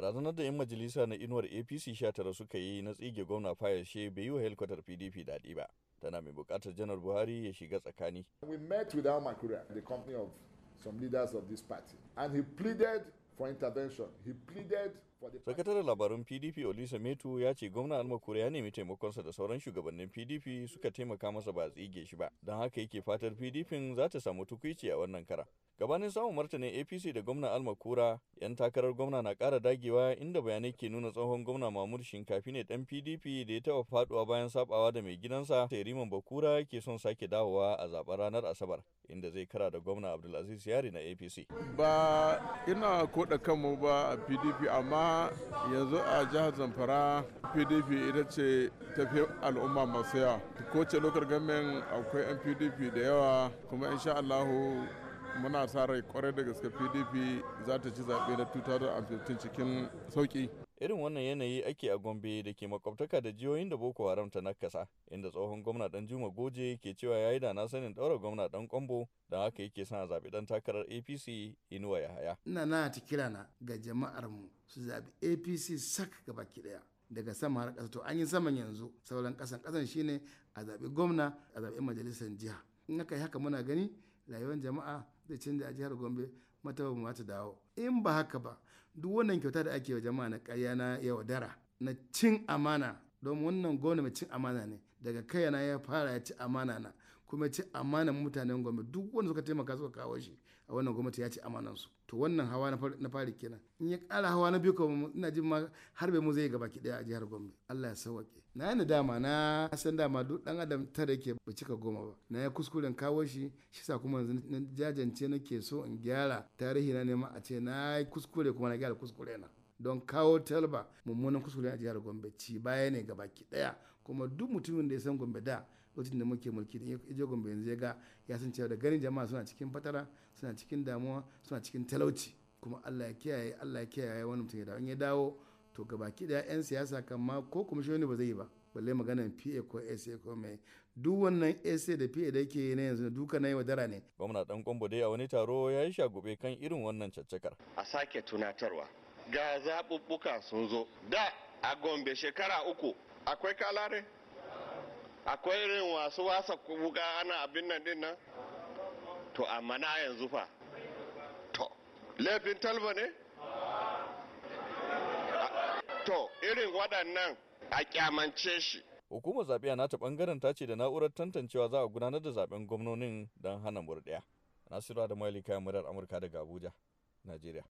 barazanar da 'yan majalisa na inuwar apc 19 suka yi na tsige gwamna fayashe bai yi wa helkwatar pdp daɗi ba tana mai bukatar janar buhari ya shiga tsakani we met with our Makuria, the company of some leaders of this party and he pleaded for intervention he pleaded sakataren labarun pdp olisa metu ya ce gwamna alma almakura ya nemi taimakonsa da sauran shugabannin pdp suka taimaka masa ba tsige shi ba don haka yake fatar pdp za ta samu tukuici a wannan kara gabanin samun martanin apc da gwamna alma kura yan takarar gwamna na kara dagewa inda bayanai ke nuna tsohon gwamna mahmud shinkafi ne dan pdp da ya taba faɗuwa bayan sabawa da mai gidansa riman bakura ke son sake dawowa a zaben ranar asabar inda zai kara da gwamna abdulaziz yari na apc ba ina koda kanmu ba a pdp amma yanzu a jihar zamfara pdp ita ce tafi al'umma masu yawa ko ce lokar gamin akwai 'yan pdp da yawa kuma insha allahu muna sa rai kwarai da gaske pdp za ta ci zaɓe na 2015 cikin sauƙi Irin wannan yanayi ake a Gombe da ke makwabtaka da jihohin da Boko Haram ta nakasa, inda tsohon gwamna dan Juma Goje ke cewa ya yi da sanin ɗaura gwamna dan Kwambo da haka yake son a zaɓi ɗan takarar APC Inuwa ya haya. Ina na ta kira na ga jama'ar mu su zaɓi APC sak gaba ki ɗaya. daga sama har kasa to an yi saman yanzu sauran ƙasan ƙasan shine a zaɓi gwamna a zaɓi majalisar jiha in aka yi haka muna gani rayuwar jama'a zai canja a jihar gombe mata ba ta dawo in ba haka ba duk wannan kyauta da ake wa jama'a na ƙarya na yaudara na cin amana don wannan gwamnati cin amana ne daga kayana ya fara ya ci amana na kuma ci amanan mutanen gwamnati duk wanda suka taimaka suka kawo shi a wannan gwamnati ya ci amanan su to wannan hawa na fari kenan in ya kara hawa na biyu kuma ina jin ma har bai mu zai gaba ki daya a jihar Gombe Allah ya sauke na yana dama na san dama duk dan adam tare yake ba cika goma ba na ya kuskuren kawo shi shi sa kuma yanzu na jajance ke so in gyara tarihi na nema a ce na kuskure kuma na gyara kuskure na don kawo talba mummunan kuskure a jihar gombe ci baya ne ga baki daya kuma duk mutumin da ya san gombe da lokacin da muke mulki da ya je gombe yanzu ya ga ya san cewa da ganin jama'a suna cikin fatara suna cikin damuwa suna cikin talauci kuma Allah ya kiyaye Allah ya kiyaye wani mutum ya dawo in ya dawo to ga baki daya yan siyasa kan ma ko kuma ba zai yi ba balle maganar PA ko SA ko mai duk wannan SA da PA da yake na yanzu duka na yi dara ne. Gwamna dan Kwambo dai a wani taro ya yi shagube kan irin wannan caccakar. A sake tunatarwa ga zaɓuɓɓuka sun zo da a gombe shekara uku akwai kalare akwai irin wasu wasa wuka ana abin nan din nan to amma na yanzu fa to laifin talba ne to irin waɗannan a kyamance shi hukumar zaɓe a nata ɓangaren ta ce da na'urar tantancewa za a gudanar da zaɓen gwamnonin don hana murɗiya nasiru da malika murar amurka daga abuja najeriya